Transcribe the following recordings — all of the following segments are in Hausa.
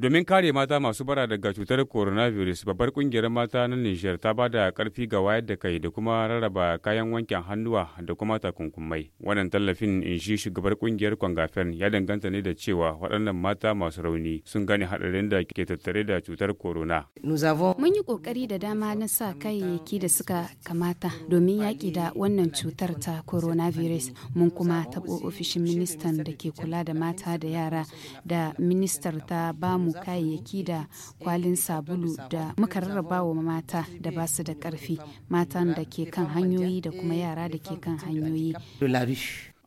Domin kare mata masu bara daga cutar coronavirus, babbar kungiyar mata na Nijar ta ba da karfi ga wayar da kai da kuma rarraba kayan wankin hannuwa da kuma takunkumai. Wannan tallafin in shi shugabar kungiyar Kwangafen ya danganta ne da cewa waɗannan mata masu rauni sun gane haɗarin da ke tattare da cutar corona. Mun yi ƙoƙari da dama na sa kayayyaki da suka kamata domin yaƙi da wannan cutar ta coronavirus. Mun kuma taɓo ofishin ministan da ke kula da mata da yara da ministar ta bamu samu kayayyaki da kwalin sabulu da muka rarraba wa mata da ba su da karfi matan da ke kan hanyoyi da kuma yara da ke kan hanyoyi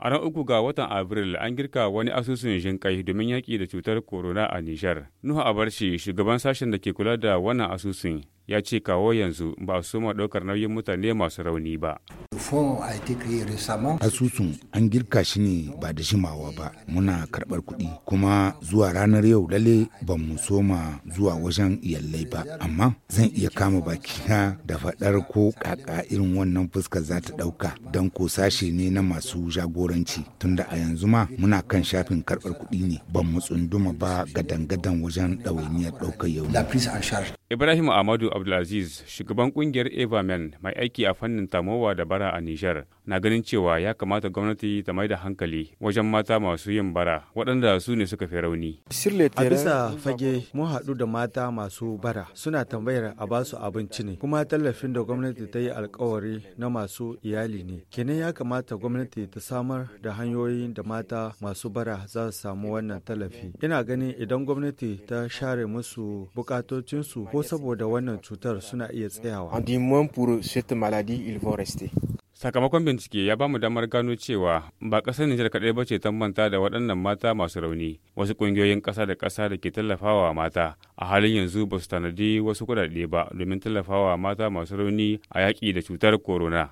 a ran uku ga watan abril an girka wani asusun jinƙai domin yaƙi da cutar corona a nijar nuhu abarci shugaban sashen da ke kula da wannan asusun ya ce kawo yanzu ba su ma ɗaukar nauyin mutane masu rauni ba Asusun an girka shi ne ba da jimawa ba muna karɓar kuɗi kuma zuwa ranar yau lalle ba mu soma zuwa wajen iyalai ba amma zan iya kama baki na da faɗar ko kaka irin wannan fuska za ta ɗauka don ko sashe ne na masu jagoranci tunda a yanzu ma muna kan shafin karɓar kuɗi ne ban mu tsunduma ba gadan-gadan wajen ɗawainiyar ɗaukar yau. Ibrahim Ahmadu Abdulaziz shugaban kungiyar Everman mai aiki a fannin tamowa da bara a Nijar. Na ganin cewa ya kamata gwamnati ta mai da hankali wajen mata masu yin bara waɗanda su ne suka fi rauni. A bisa fage mun haɗu da mata masu bara suna tambayar a basu abinci ne kuma tallafin da gwamnati ta yi alkawari na masu iyali ne. Kenan ya kamata gwamnati ta samar da hanyoyin da mata masu bara za su samu wannan tallafi. Ina ganin idan gwamnati ta share musu bukatocinsu ko saboda wannan cutar suna iya tsayawa. Sakamakon bincike ya bamu damar gano cewa ba ƙasar Nijar kaɗai ba ce ta manta da waɗannan mata masu rauni. Wasu ƙungiyoyin ƙasa da ƙasa da ke tallafawa mata a halin yanzu ba su tanadi wasu kuɗaɗe ba domin tallafawa mata masu rauni a yaƙi da cutar corona.